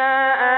إِنَّا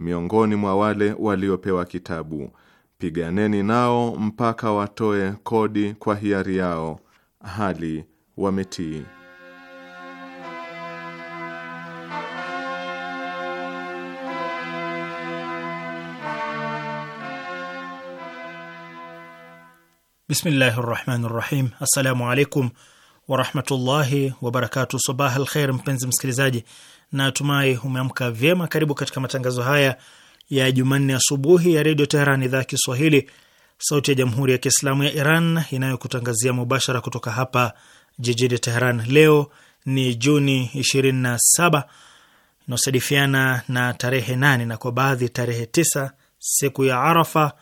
miongoni mwa wale waliopewa kitabu, piganeni nao mpaka watoe kodi kwa hiari yao hali wametii. Bismillahi rahmani rahim. Assalamu alaikum warahmatullahi wabarakatu. Sabah alkheir, mpenzi msikilizaji, na tumai umeamka vyema. Karibu katika matangazo haya ya Jumanne asubuhi ya Redio Teheran, idhaa ya Kiswahili, sauti ya Jamhuri ya Kiislamu ya Iran inayokutangazia mubashara kutoka hapa jijini Teheran. Leo ni Juni 27 inaosadifiana na tarehe 8 na kwa baadhi tarehe 9 siku ya Arafa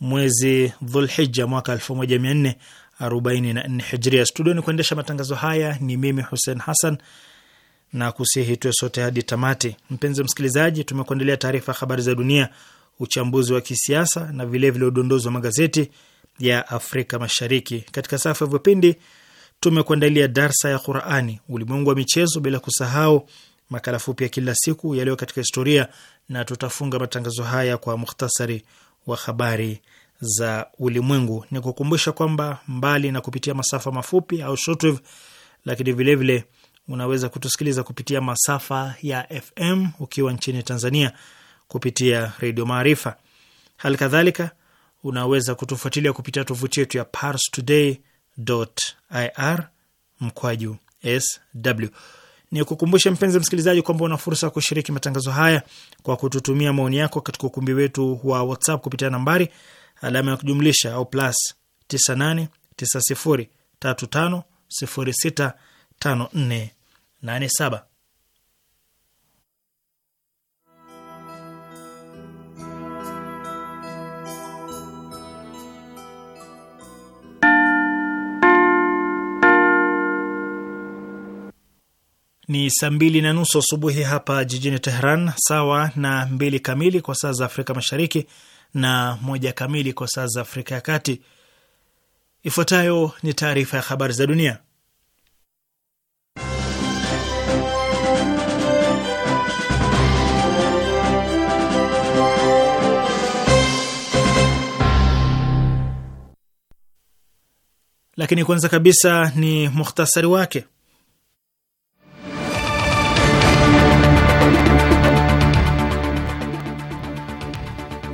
mwezi Dhulhija mwaka 1444 hijria. Studioni kuendesha matangazo haya ni mimi Hussein Hassan na kusihi tuwe sote hadi tamati. Mpenzi msikilizaji, tumekuandalia taarifa ya habari za dunia, uchambuzi wa kisiasa na vilevile udondozi wa magazeti ya Afrika Mashariki. Katika safu ya vipindi tumekuandalia darsa ya Qurani, ulimwengu wa michezo, bila kusahau makala fupi ya kila siku yaliyo katika historia, na tutafunga matangazo haya kwa muhtasari wa habari za ulimwengu. Ni kukumbusha kwamba mbali na kupitia masafa mafupi au shortwave, lakini vilevile vile unaweza kutusikiliza kupitia masafa ya FM ukiwa nchini Tanzania kupitia Redio Maarifa. Hali kadhalika unaweza kutufuatilia kupitia tovuti yetu ya parstoday.ir mkwaju sw. Ni kukumbushe mpenzi msikilizaji kwamba una fursa ya kushiriki matangazo haya kwa kututumia maoni yako katika ukumbi wetu wa WhatsApp kupitia nambari alama ya kujumlisha au plus 9890350654 ni saa mbili na nusu asubuhi hapa jijini Tehran, sawa na mbili kamili kwa saa za Afrika Mashariki na moja kamili kwa saa za Afrika ya Kati. Ifuatayo ni taarifa ya habari za dunia lakini kwanza kabisa ni mukhtasari wake.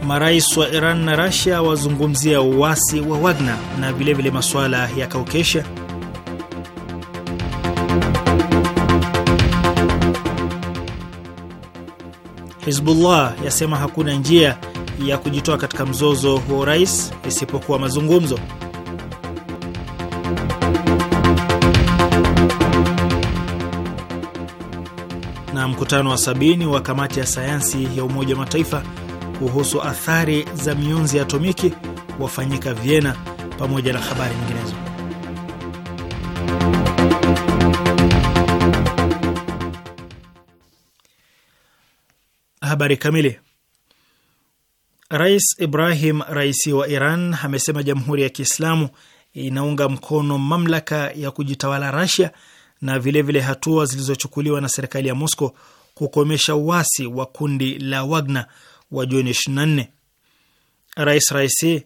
Marais wa Iran na Rasia wazungumzia uasi wa Wagner na vilevile masuala ya kaukesha Hizbullah yasema hakuna njia ya kujitoa katika mzozo wa urais isipokuwa mazungumzo. na mkutano wa sabini wa kamati ya sayansi ya Umoja wa Mataifa kuhusu athari za mionzi ya atomiki wafanyika Vienna, pamoja na habari nyinginezo. Habari kamili. Rais Ibrahim Raisi wa Iran amesema Jamhuri ya Kiislamu inaunga mkono mamlaka ya kujitawala Rasia na vilevile vile hatua zilizochukuliwa na serikali ya Moscow kukomesha uasi wa kundi la Wagner wa Juni 24. Rais Raisi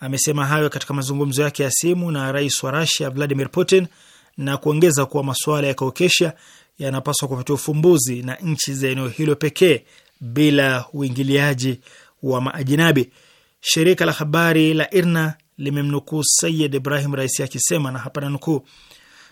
amesema hayo katika mazungumzo yake ya simu na rais wa Rusia Vladimir Putin na kuongeza kuwa masuala ya Kaukesia yanapaswa kupatia ufumbuzi na nchi za eneo hilo pekee bila uingiliaji wa maajinabi. Shirika la habari la IRNA limemnukuu Sayid Ibrahim Raisi akisema na hapana nukuu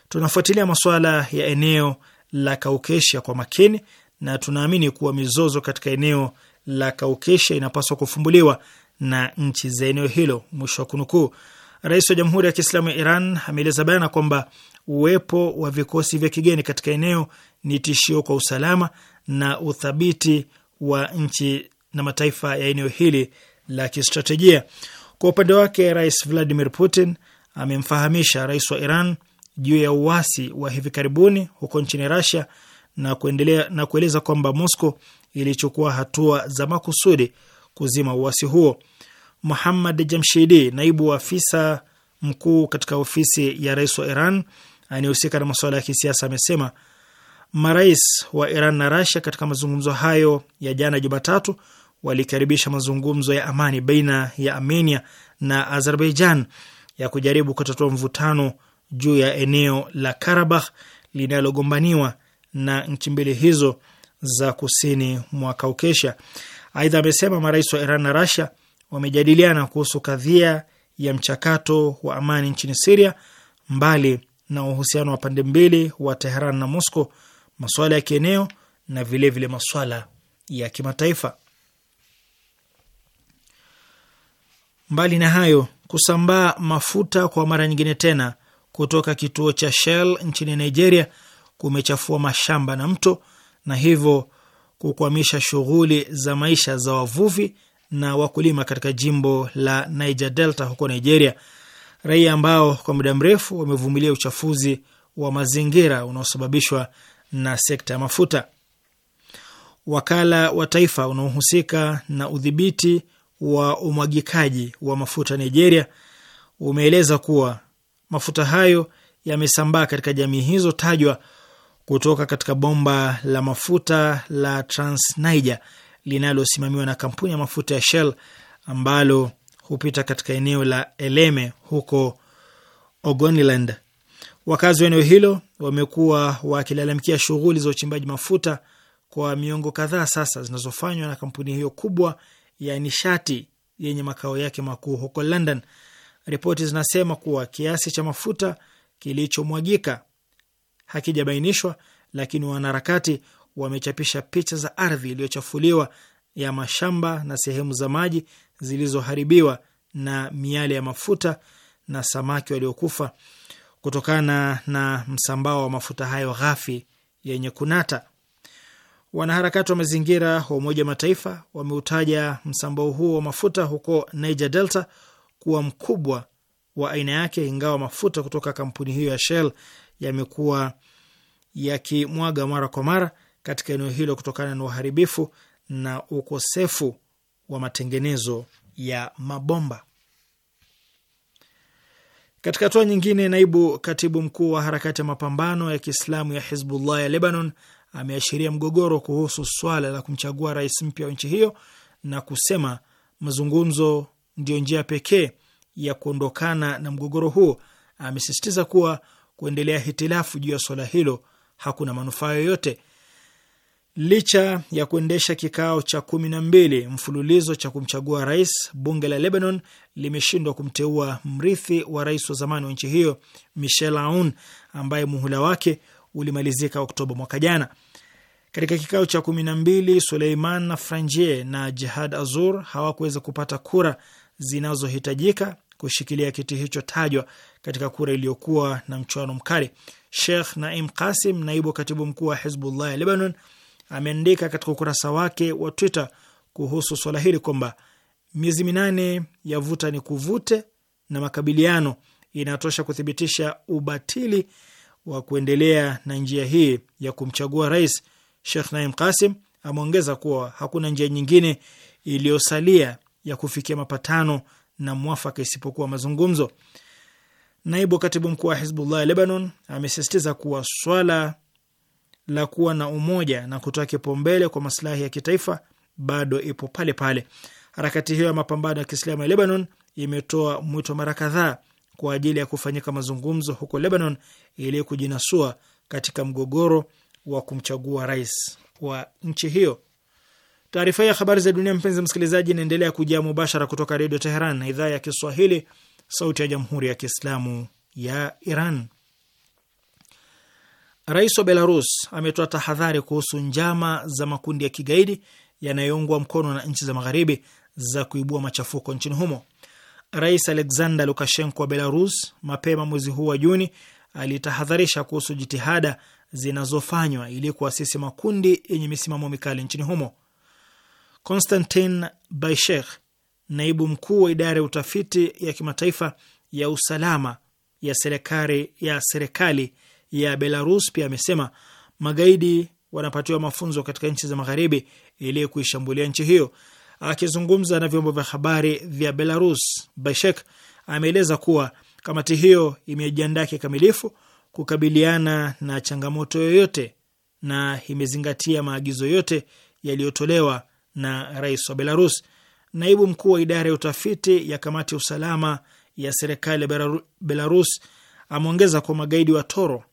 Tunafuatilia masuala ya eneo la Kaukesia kwa makini na tunaamini kuwa mizozo katika eneo la Kaukesia inapaswa kufumbuliwa na nchi za eneo hilo. Mwisho wa kunukuu. Rais wa Jamhuri ya Kiislamu ya Iran ameeleza bayana kwamba uwepo wa vikosi vya kigeni katika eneo ni tishio kwa usalama na uthabiti wa nchi na mataifa ya eneo hili la kistratejia. Kwa upande wake, Rais Vladimir Putin amemfahamisha rais wa Iran juu ya uasi wa hivi karibuni huko nchini Russia na kuendelea na kueleza kwamba Moscow ilichukua hatua za makusudi kuzima uasi huo. Muhammad Jamshidi, naibu wa afisa mkuu katika ofisi ya rais wa Iran anayehusika na masuala ya kisiasa, amesema marais wa Iran na Russia katika mazungumzo hayo ya jana Jumatatu walikaribisha mazungumzo ya amani baina ya Armenia na Azerbaijan ya kujaribu kutatua mvutano juu ya eneo la Karabakh linalogombaniwa na nchi mbili hizo za kusini mwa Kaukesha. Aidha, amesema marais wa Iran na Rasia wamejadiliana kuhusu kadhia ya mchakato wa amani nchini Siria, mbali na uhusiano wa pande mbili wa Teheran na Mosco, masuala ya kieneo na vilevile vile masuala ya kimataifa. Mbali na hayo, kusambaa mafuta kwa mara nyingine tena kutoka kituo cha Shell nchini Nigeria kumechafua mashamba na mto na hivyo kukwamisha shughuli za maisha za wavuvi na wakulima katika jimbo la Niger Delta huko Nigeria, raia ambao kwa muda mrefu wamevumilia uchafuzi wa mazingira unaosababishwa na sekta ya mafuta. Wakala wa taifa unaohusika na udhibiti wa umwagikaji wa mafuta Nigeria umeeleza kuwa mafuta hayo yamesambaa katika jamii hizo tajwa kutoka katika bomba la mafuta la Trans Niger linalosimamiwa na kampuni ya mafuta ya Shell ambalo hupita katika eneo la Eleme huko Ogoniland. Wakazi wa eneo hilo wamekuwa wakilalamikia shughuli za uchimbaji mafuta kwa miongo kadhaa sasa zinazofanywa na kampuni hiyo kubwa ya nishati yenye makao yake makuu huko London. Ripoti zinasema kuwa kiasi cha mafuta kilichomwagika hakijabainishwa, lakini wanaharakati wamechapisha picha za ardhi iliyochafuliwa ya mashamba na sehemu za maji zilizoharibiwa na miale ya mafuta na samaki waliokufa kutokana na msambao wa mafuta hayo ghafi yenye kunata. Wanaharakati wa mazingira wa Umoja wa Mataifa wameutaja msambao huo wa mafuta huko Niger Delta kuwa mkubwa wa aina yake, ingawa mafuta kutoka kampuni hiyo ya Shell yamekuwa yakimwaga mara kwa mara katika eneo hilo kutokana na uharibifu na ukosefu wa matengenezo ya mabomba. Katika hatua nyingine, naibu katibu mkuu wa harakati ya mapambano ya Kiislamu ya Hizbullah ya Lebanon ameashiria mgogoro kuhusu swala la kumchagua rais mpya wa nchi hiyo na kusema mazungumzo ndiyo njia pekee ya kuondokana na mgogoro huo. Amesisitiza kuwa kuendelea hitilafu juu ya swala hilo hakuna manufaa yoyote. Licha ya kuendesha kikao cha kumi na mbili mfululizo cha kumchagua rais, bunge la Lebanon limeshindwa kumteua mrithi wa rais wa zamani wa nchi hiyo Michel Aoun ambaye muhula wake ulimalizika Oktoba mwaka jana. Katika kikao cha kumi na mbili Suleiman Frangier na Jihad Azur hawakuweza kupata kura zinazohitajika kushikilia kiti hicho tajwa katika kura iliyokuwa na mchuano mkali. Sheikh Naim Kasim, naibu katibu mkuu wa Hizbullah ya Lebanon, ameandika katika ukurasa wake wa Twitter kuhusu swala hili kwamba miezi minane ya vuta ni kuvute na makabiliano inatosha kuthibitisha ubatili wa kuendelea na njia hii ya kumchagua rais. Sheikh Naim Kasim ameongeza kuwa hakuna njia nyingine iliyosalia ya kufikia mapatano na mwafaka isipokuwa mazungumzo. Naibu katibu mkuu wa Hizbullah Lebanon amesisitiza kuwa swala la kuwa na umoja na kutoa kipaumbele kwa masilahi ya kitaifa bado ipo pale pale. Harakati hiyo ya mapambano ya Kiislamu ya Lebanon imetoa mwito mara kadhaa kwa ajili ya kufanyika mazungumzo huko Lebanon ili kujinasua katika mgogoro wa kumchagua rais wa nchi hiyo. Taarifa hii ya habari za dunia, mpenzi msikilizaji, inaendelea kujia mubashara kutoka Redio Teheran, idhaa ya Kiswahili, sauti ya jamhuri ya kiislamu ya Iran. Rais wa Belarus ametoa tahadhari kuhusu njama za makundi ya kigaidi yanayoungwa mkono na nchi za magharibi za kuibua machafuko nchini humo. Rais Alexander Lukashenko wa Belarus mapema mwezi huu wa Juni alitahadharisha kuhusu jitihada zinazofanywa ili kuasisi makundi yenye misimamo mikali nchini humo. Konstantin Baishekh, naibu mkuu wa idara ya utafiti ya kimataifa ya usalama ya serikali ya serikali ya Belarus pia amesema magaidi wanapatiwa mafunzo katika nchi za magharibi ili kuishambulia nchi hiyo. Akizungumza na vyombo vya habari vya Belarus, Baishek ameeleza kuwa kamati hiyo imejiandaa kikamilifu kukabiliana na changamoto yoyote na imezingatia maagizo yote yaliyotolewa na rais wa Belarus. Naibu mkuu wa idara ya utafiti ya kamati ya usalama ya serikali ya Belarus ameongeza kuwa magaidi wa toro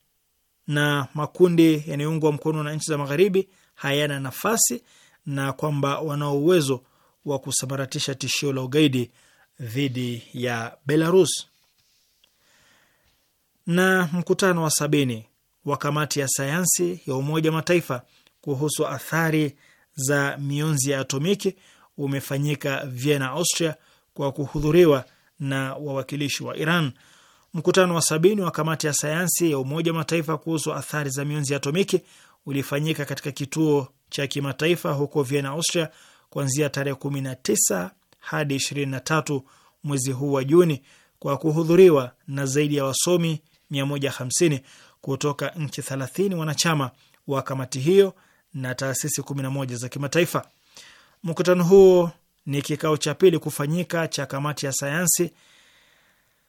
na makundi yanayoungwa mkono na nchi za magharibi hayana nafasi na kwamba wana uwezo wa kusambaratisha tishio la ugaidi dhidi ya Belarus. Na mkutano wa sabini wa kamati ya sayansi ya Umoja wa Mataifa kuhusu athari za mionzi ya atomiki umefanyika Vienna, Austria, kwa kuhudhuriwa na wawakilishi wa Iran. Mkutano wa sabini wa kamati ya sayansi ya Umoja wa Mataifa kuhusu athari za mionzi ya atomiki ulifanyika katika kituo cha kimataifa huko Vienna, Austria, kuanzia tarehe tisa hadi tatu mwezi huu wa Juni, kwa kuhudhuriwa na zaidi ya wasomi hamsini kutoka nchi thelathini wanachama wa kamati hiyo na taasisi 11 za kimataifa. Mkutano huo ni kikao cha pili kufanyika cha kamati ya sayansi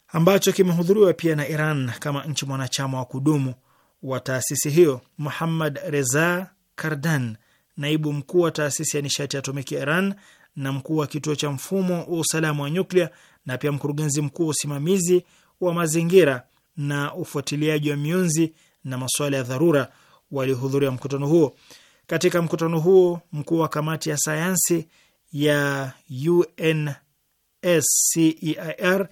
ambacho kimehudhuriwa pia na Iran kama nchi mwanachama wa kudumu wa taasisi hiyo. Muhammad Reza Kardan, naibu mkuu wa taasisi ya nishati ya atomiki ya Iran na mkuu wa kituo cha mfumo wa usalama wa nyuklia na pia mkurugenzi mkuu wa usimamizi wa mazingira na ufuatiliaji wa mionzi na masuala ya dharura walihudhuria mkutano huo. Katika mkutano huo mkuu wa kamati ya sayansi ya UNSCEIR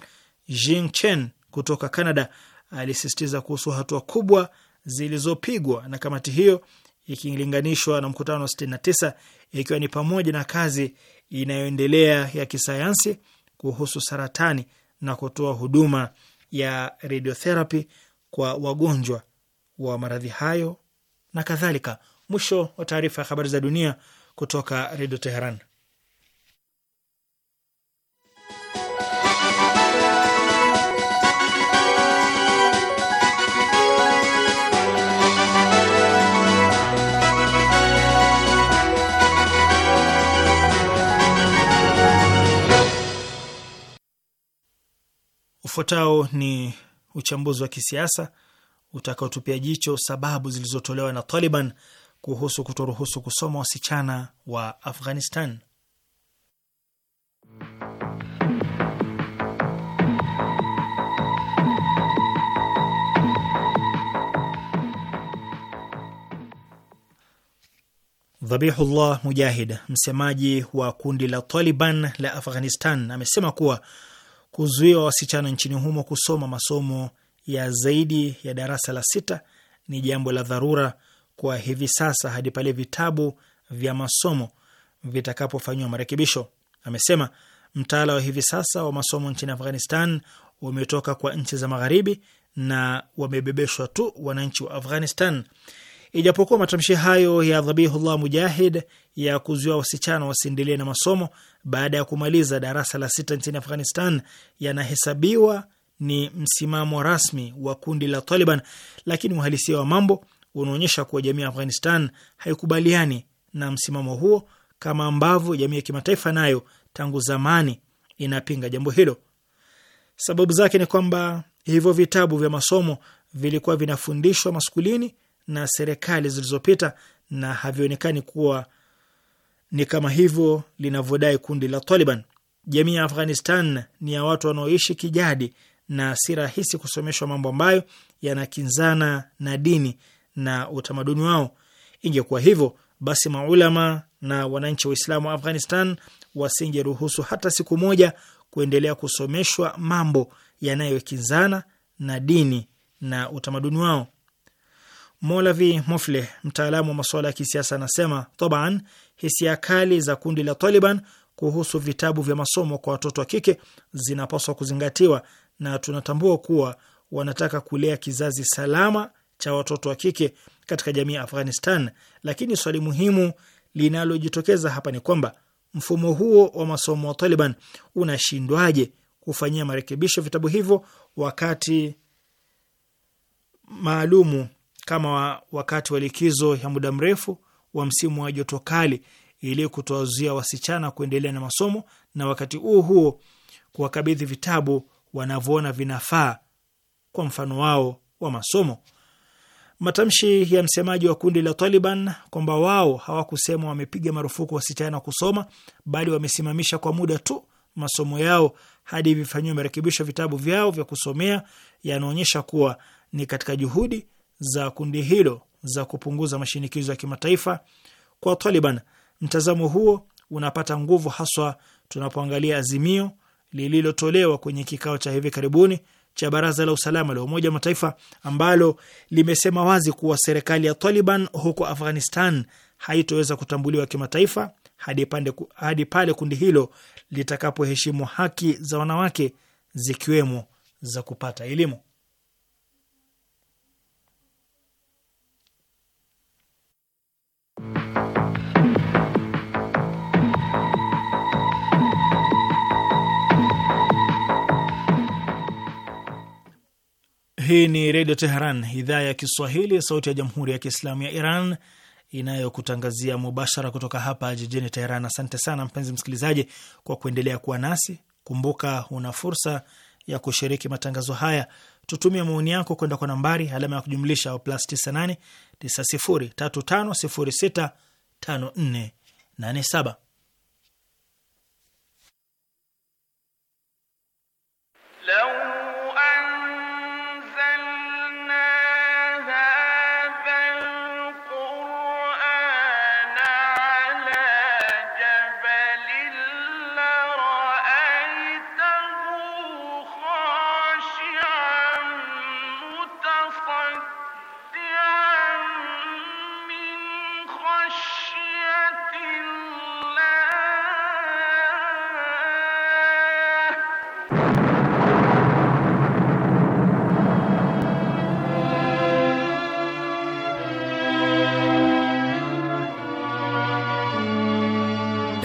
Jing Chen kutoka Canada alisisitiza kuhusu hatua kubwa zilizopigwa na kamati hiyo ikilinganishwa na mkutano wa 69 ikiwa ni pamoja na kazi inayoendelea ya kisayansi kuhusu saratani na kutoa huduma ya radiotherapy kwa wagonjwa wa maradhi hayo na kadhalika. Mwisho wa taarifa ya habari za dunia kutoka Redio Teheran. Ufuatao ni uchambuzi wa kisiasa utakaotupia jicho sababu zilizotolewa na Taliban kuhusu kutoruhusu kusoma wasichana wa Afghanistan. Dhabihullah Mujahid, msemaji wa kundi la Taliban la Afghanistan, amesema kuwa kuzuiwa wasichana nchini humo kusoma masomo ya zaidi ya darasa la sita ni jambo la dharura kwa hivi sasa hadi pale vitabu vya masomo vitakapofanyiwa marekebisho. Amesema mtaala wa hivi sasa wa masomo nchini Afghanistan umetoka kwa nchi za Magharibi na wamebebeshwa tu wananchi wa Afghanistan. Ijapokuwa matamshi hayo ya Dhabihullah Mujahid ya kuzuia wasichana wasiendelee na masomo baada ya kumaliza darasa la sita nchini Afghanistan yanahesabiwa ni msimamo rasmi wa kundi la Taliban, lakini uhalisia wa mambo unaonyesha kuwa jamii ya Afghanistan haikubaliani na msimamo huo kama ambavyo jamii ya kimataifa nayo tangu zamani inapinga jambo hilo. Sababu zake ni kwamba hivyo vitabu vya masomo vilikuwa vinafundishwa maskulini na serikali zilizopita na havionekani kuwa ni kama hivyo linavyodai kundi la Taliban. Jamii ya Afghanistan ni ya watu wanaoishi kijadi na si rahisi kusomeshwa mambo ambayo yanakinzana na dini na utamaduni wao. Ingekuwa hivyo basi, maulama na wananchi Waislamu wa Afghanistan wasingeruhusu hata siku moja kuendelea kusomeshwa mambo yanayokinzana na dini na utamaduni wao. Molavi Mofle, mtaalamu wa masuala ya kisiasa, anasema taban, hisia kali za kundi la Taliban kuhusu vitabu vya masomo kwa watoto wa kike zinapaswa kuzingatiwa, na tunatambua kuwa wanataka kulea kizazi salama cha watoto wa kike katika jamii ya Afghanistan. Lakini swali muhimu linalojitokeza hapa ni kwamba mfumo huo wa masomo wa Taliban unashindwaje kufanyia marekebisho vitabu hivyo wakati maalumu kama wakati wa likizo ya muda mrefu wa msimu wa joto kali ili kutowazuia wasichana kuendelea na masomo na wakati huo huo kuwakabidhi vitabu wanavyoona vinafaa kwa mfano wao wa masomo. Matamshi ya msemaji wa kundi la Taliban kwamba wao hawakusema wamepiga marufuku wasichana kusoma, bali wamesimamisha kwa muda tu masomo yao hadi vifanyiwe marekebisho vitabu vyao vya kusomea, yanaonyesha kuwa ni katika juhudi za kundi hilo za kupunguza mashinikizo ya kimataifa kwa Taliban. Mtazamo huo unapata nguvu haswa tunapoangalia azimio lililotolewa kwenye kikao cha hivi karibuni cha Baraza la Usalama la Umoja wa Mataifa ambalo limesema wazi kuwa serikali ya Taliban huko Afghanistan haitoweza kutambuliwa kimataifa hadi, hadi pale kundi hilo litakapoheshimu haki za wanawake zikiwemo za kupata elimu. Hii ni Redio Teheran, idhaa ya Kiswahili, sauti ya Jamhuri ya Kiislamu ya Iran inayokutangazia mubashara kutoka hapa jijini Teheran. Asante sana mpenzi msikilizaji kwa kuendelea kuwa nasi. Kumbuka una fursa ya kushiriki matangazo haya, tutumie maoni yako kwenda kwa nambari alama ya kujumlisha plus 98 9035065487.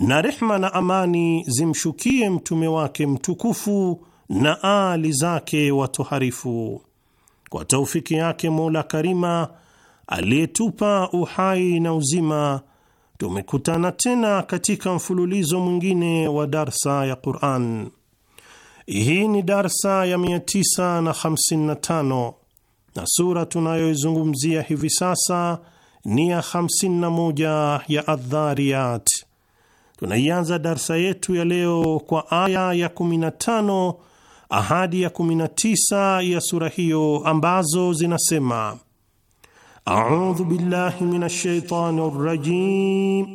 na rehma na amani zimshukie mtume wake mtukufu na aali zake watoharifu. Kwa taufiki yake Mola Karima aliyetupa uhai na uzima, tumekutana tena katika mfululizo mwingine wa darsa ya Quran. Hii ni darsa ya 955 na sura tunayoizungumzia hivi sasa ni ya 51 ya Adhariyat. Tunaianza darsa yetu ya leo kwa aya ya 15 ahadi ya 19 ya sura hiyo ambazo zinasema: audhu billahi minash shaitani rrajim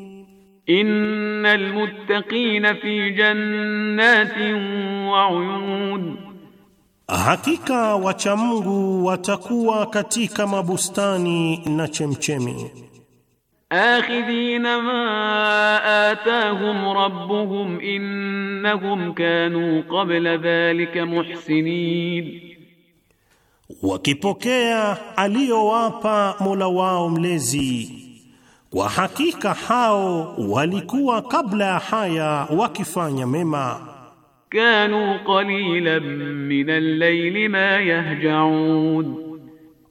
innal muttaqina fi jannatin wa uyun, hakika wacha Mungu watakuwa katika mabustani na chemchemi akhidhina ma atahum rabbuhum innahum kanu qabla dhalika muhsinin, wakipokea aliyowapa Mola wao mlezi kwa hakika hao walikuwa kabla ya haya wakifanya mema. Kanu qalilan min al-layli ma yahjaun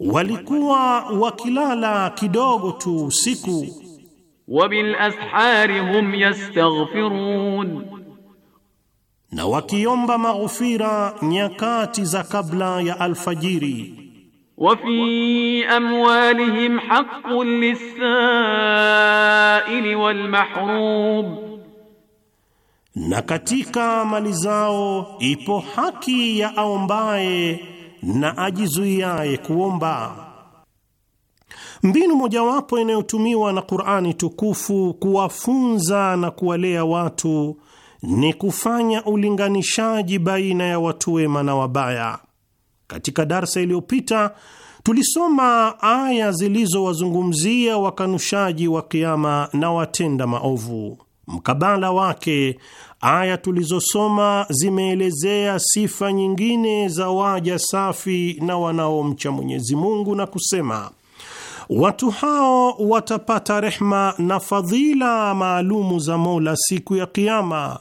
walikuwa wakilala kidogo tu usiku. Wabil ashari hum yastaghfirun, na wakiomba maghfira nyakati za kabla ya alfajiri. Wa fi amwalihim haqqun lis-sa'ili wal mahrum, na katika mali zao ipo haki ya aombaye na ajizuiaye kuomba. Mbinu mojawapo inayotumiwa na Qur'ani tukufu kuwafunza na kuwalea watu ni kufanya ulinganishaji baina ya watu wema na wabaya. Katika darsa iliyopita tulisoma aya zilizowazungumzia wakanushaji wa kiama na watenda maovu. Mkabala wake aya tulizosoma zimeelezea sifa nyingine za waja safi na wanaomcha Mwenyezi Mungu na kusema watu hao watapata rehma na fadhila maalumu za Mola siku ya Kiama,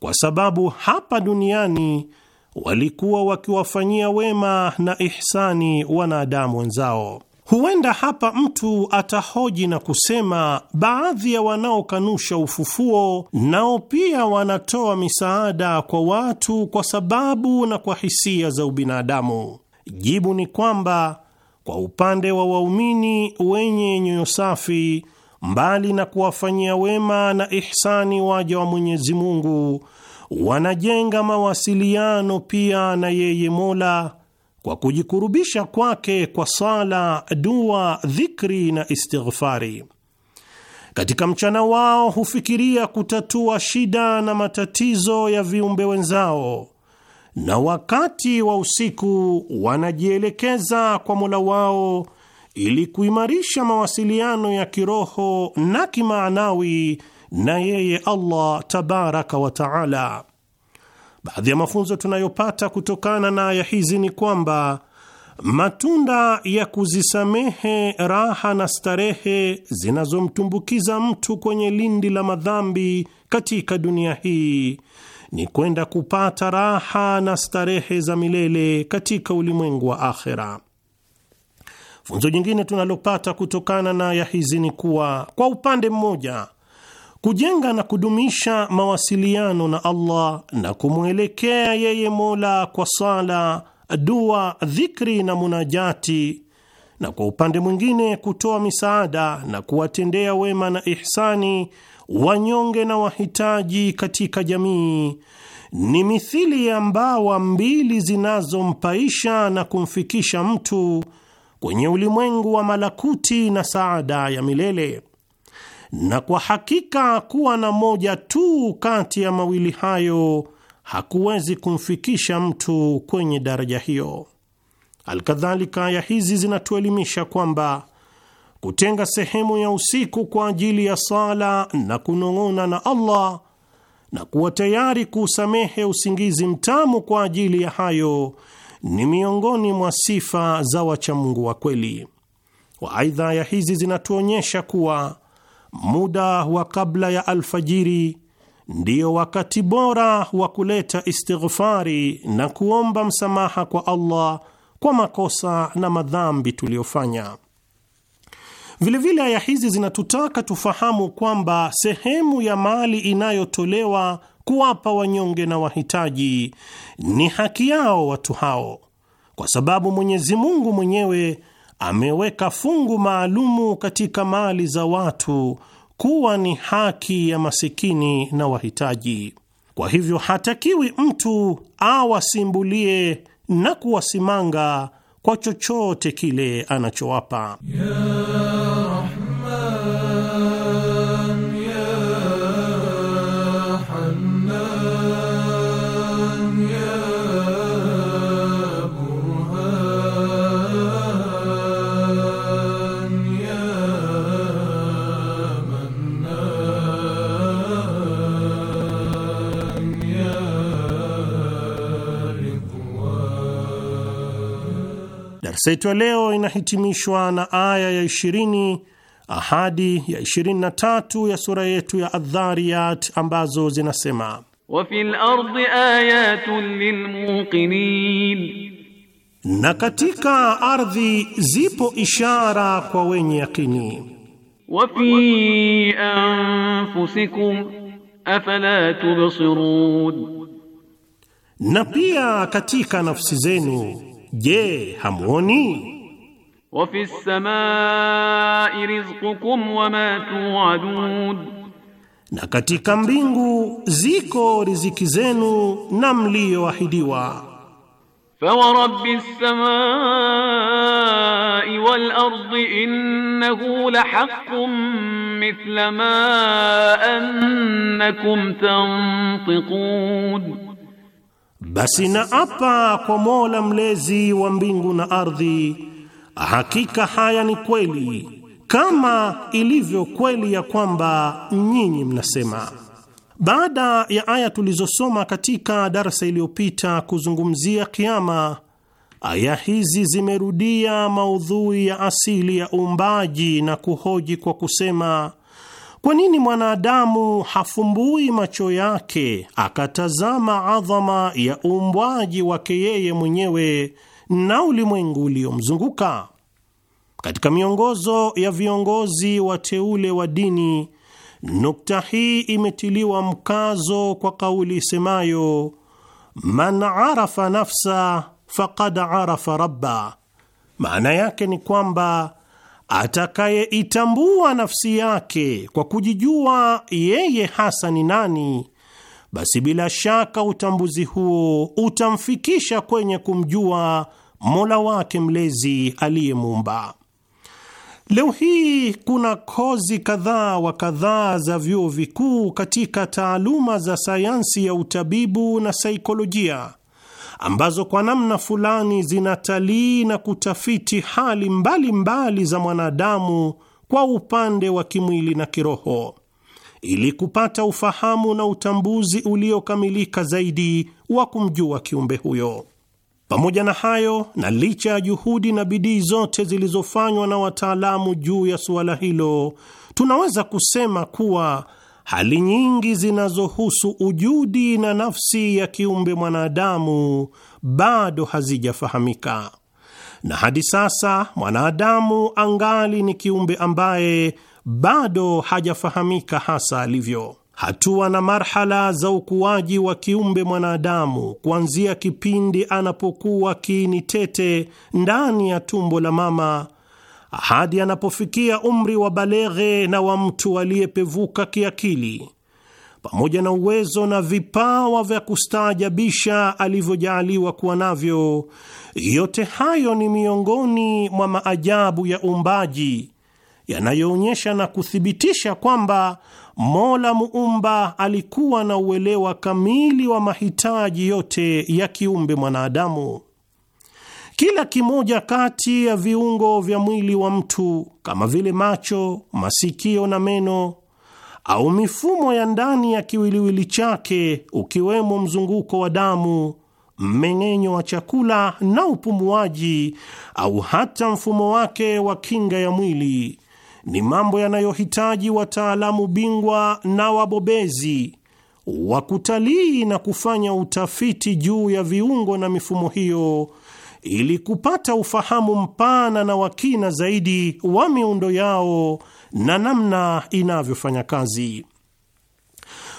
kwa sababu hapa duniani walikuwa wakiwafanyia wema na ihsani wanadamu wenzao. Huenda hapa mtu atahoji na kusema baadhi ya wanaokanusha ufufuo nao pia wanatoa misaada kwa watu kwa sababu na kwa hisia za ubinadamu. Jibu ni kwamba kwa upande wa waumini wenye nyoyo safi, mbali na kuwafanyia wema na ihsani waja wa Mwenyezi Mungu, wanajenga mawasiliano pia na yeye Mola kwa kujikurubisha kwake kwa sala, dua, dhikri na istighfari. Katika mchana wao hufikiria kutatua shida na matatizo ya viumbe wenzao, na wakati wa usiku wanajielekeza kwa Mola wao ili kuimarisha mawasiliano ya kiroho na kimaanawi na yeye Allah tabaraka wa taala. Baadhi ya mafunzo tunayopata kutokana na aya hizi ni kwamba matunda ya kuzisamehe raha na starehe zinazomtumbukiza mtu kwenye lindi la madhambi katika dunia hii ni kwenda kupata raha na starehe za milele katika ulimwengu wa akhera. Funzo jingine tunalopata kutokana na aya hizi ni kuwa kwa upande mmoja kujenga na kudumisha mawasiliano na Allah na kumwelekea yeye Mola kwa sala, dua, dhikri na munajati, na kwa upande mwingine kutoa misaada na kuwatendea wema na ihsani wanyonge na wahitaji katika jamii ni mithili ya mbawa mbili zinazompaisha na kumfikisha mtu kwenye ulimwengu wa malakuti na saada ya milele na kwa hakika kuwa na moja tu kati ya mawili hayo hakuwezi kumfikisha mtu kwenye daraja hiyo. Alkadhalika, aya hizi zinatuelimisha kwamba kutenga sehemu ya usiku kwa ajili ya sala na kunong'ona na Allah na kuwa tayari kuusamehe usingizi mtamu kwa ajili ya hayo ni miongoni mwa sifa za wachamungu wa kweli. Waaidha, aya hizi zinatuonyesha kuwa muda wa kabla ya alfajiri ndiyo wakati bora wa kuleta istighfari na kuomba msamaha kwa Allah kwa makosa na madhambi tuliyofanya. Vilevile aya hizi zinatutaka tufahamu kwamba sehemu ya mali inayotolewa kuwapa wanyonge na wahitaji ni haki yao watu hao, kwa sababu Mwenyezi Mungu mwenyewe ameweka fungu maalumu katika mali za watu kuwa ni haki ya masikini na wahitaji. Kwa hivyo hatakiwi mtu awasimbulie na kuwasimanga kwa chochote kile anachowapa, yeah. Darsa yetu ya leo inahitimishwa na aya ya 20 ahadi ya 23 ya sura yetu ya Adhariyat ambazo zinasema, wa fil ardi ayatun lilmuqinin, na katika ardhi zipo ishara kwa wenye yakini. Wa fi anfusikum afala tubsirun, na pia katika nafsi zenu Je, hamuoni? wa fi samai rizqukum wa tuadun, na katika mbingu ziko riziki zenu na mlioahidiwa. fa wa rabbis samai wal ardi innahu lahaqqun mithla ma annakum tantiqun basi naapa kwa Mola mlezi wa mbingu na ardhi, hakika haya ni kweli, kama ilivyo kweli ya kwamba nyinyi mnasema. Baada ya aya tulizosoma katika darasa iliyopita kuzungumzia kiama, aya hizi zimerudia maudhui ya asili ya uumbaji na kuhoji kwa kusema kwa nini mwanadamu hafumbui macho yake akatazama adhama ya uumbwaji wake yeye mwenyewe na ulimwengu uliomzunguka? Katika miongozo ya viongozi wateule wa dini, nukta hii imetiliwa mkazo kwa kauli isemayo, man arafa nafsa faqad arafa rabba. Maana yake ni kwamba Atakayeitambua nafsi yake kwa kujijua yeye hasa ni nani, basi bila shaka utambuzi huo utamfikisha kwenye kumjua Mola wake mlezi aliyemuumba. Leo hii kuna kozi kadhaa wa kadhaa za vyuo vikuu katika taaluma za sayansi ya utabibu na saikolojia ambazo kwa namna fulani zinatalii na kutafiti hali mbalimbali mbali za mwanadamu kwa upande wa kimwili na kiroho ili kupata ufahamu na utambuzi uliokamilika zaidi wa kumjua kiumbe huyo. Pamoja na hayo, na licha ya juhudi na bidii zote zilizofanywa na wataalamu juu ya suala hilo, tunaweza kusema kuwa hali nyingi zinazohusu ujudi na nafsi ya kiumbe mwanadamu bado hazijafahamika, na hadi sasa mwanadamu angali ni kiumbe ambaye bado hajafahamika hasa alivyo. Hatua na marhala za ukuaji wa kiumbe mwanadamu kuanzia kipindi anapokuwa kiini tete ndani ya tumbo la mama hadi anapofikia umri wa baleghe na wa mtu aliyepevuka kiakili, pamoja na uwezo na vipawa vya kustaajabisha alivyojaaliwa kuwa navyo. Yote hayo ni miongoni mwa maajabu ya uumbaji yanayoonyesha na kuthibitisha kwamba Mola muumba alikuwa na uelewa kamili wa mahitaji yote ya kiumbe mwanadamu. Kila kimoja kati ya viungo vya mwili wa mtu kama vile macho, masikio na meno au mifumo ya ndani ya kiwiliwili chake ukiwemo mzunguko wa damu, mmeng'enyo wa chakula na upumuaji, au hata mfumo wake wa kinga ya mwili ni mambo yanayohitaji wataalamu bingwa na wabobezi wa kutalii na kufanya utafiti juu ya viungo na mifumo hiyo ili kupata ufahamu mpana na wakina zaidi wa miundo yao na namna inavyofanya kazi.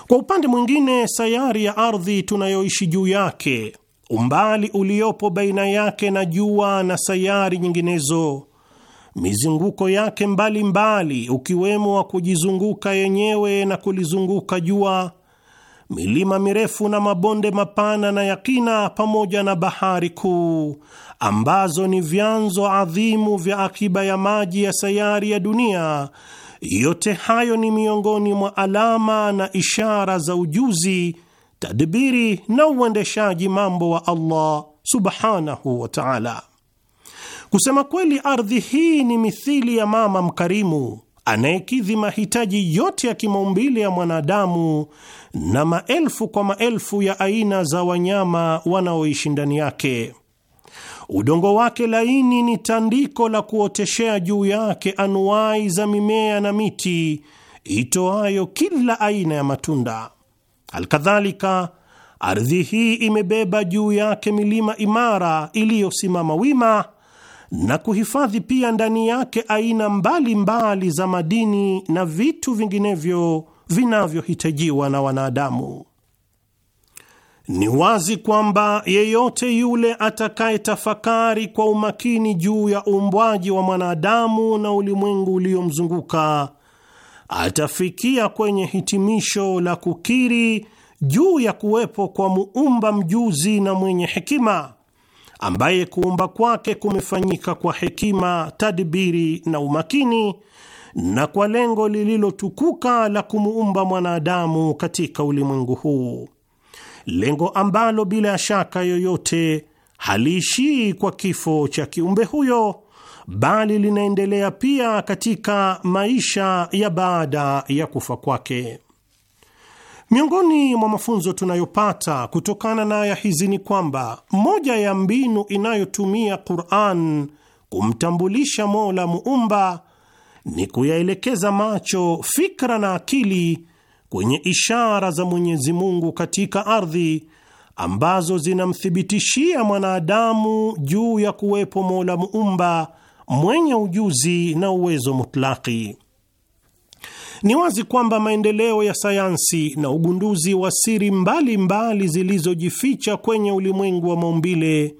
Kwa upande mwingine, sayari ya ardhi tunayoishi juu yake, umbali uliopo baina yake na jua na sayari nyinginezo, mizunguko yake mbalimbali mbali, ukiwemo wa kujizunguka yenyewe na kulizunguka jua milima mirefu na mabonde mapana na yakina, pamoja na bahari kuu ambazo ni vyanzo adhimu vya akiba ya maji ya sayari ya dunia. Yote hayo ni miongoni mwa alama na ishara za ujuzi, tadbiri na uendeshaji mambo wa Allah subhanahu wa ta'ala. Kusema kweli, ardhi hii ni mithili ya mama mkarimu anayekidhi mahitaji yote ya kimaumbile ya mwanadamu na maelfu kwa maelfu ya aina za wanyama wanaoishi ndani yake. Udongo wake laini ni tandiko la kuoteshea juu yake anuwai za mimea na miti itoayo kila aina ya matunda. Alkadhalika, ardhi hii imebeba juu yake milima imara iliyosimama wima na kuhifadhi pia ndani yake aina mbalimbali mbali za madini na vitu vinginevyo vinavyohitajiwa na wanadamu. Ni wazi kwamba yeyote yule atakayetafakari kwa umakini juu ya uumbwaji wa mwanadamu na ulimwengu uliomzunguka atafikia kwenye hitimisho la kukiri juu ya kuwepo kwa muumba mjuzi na mwenye hekima ambaye kuumba kwake kumefanyika kwa hekima, tadbiri na umakini na kwa lengo lililotukuka la kumuumba mwanadamu katika ulimwengu huu, lengo ambalo bila shaka yoyote haliishii kwa kifo cha kiumbe huyo, bali linaendelea pia katika maisha ya baada ya kufa kwake. Miongoni mwa mafunzo tunayopata kutokana na aya hizi ni kwamba moja ya mbinu inayotumia Qur'an kumtambulisha Mola muumba ni kuyaelekeza macho, fikra na akili kwenye ishara za Mwenyezi Mungu katika ardhi ambazo zinamthibitishia mwanadamu juu ya kuwepo Mola muumba mwenye ujuzi na uwezo mutlaki. Ni wazi kwamba maendeleo ya sayansi na ugunduzi wa siri mbalimbali zilizojificha kwenye ulimwengu wa maumbile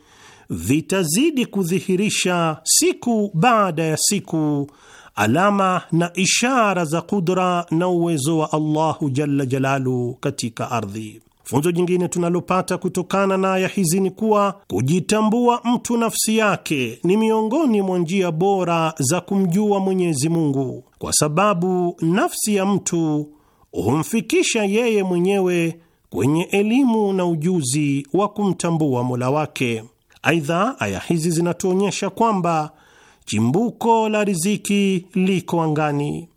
vitazidi kudhihirisha siku baada ya siku alama na ishara za kudra na uwezo wa Allahu jalla jalalu katika ardhi. Funzo jingine tunalopata kutokana na aya hizi ni kuwa kujitambua mtu nafsi yake ni miongoni mwa njia bora za kumjua Mwenyezi Mungu, kwa sababu nafsi ya mtu humfikisha yeye mwenyewe kwenye elimu na ujuzi wa kumtambua Mola wake. Aidha, aya hizi zinatuonyesha kwamba chimbuko la riziki liko angani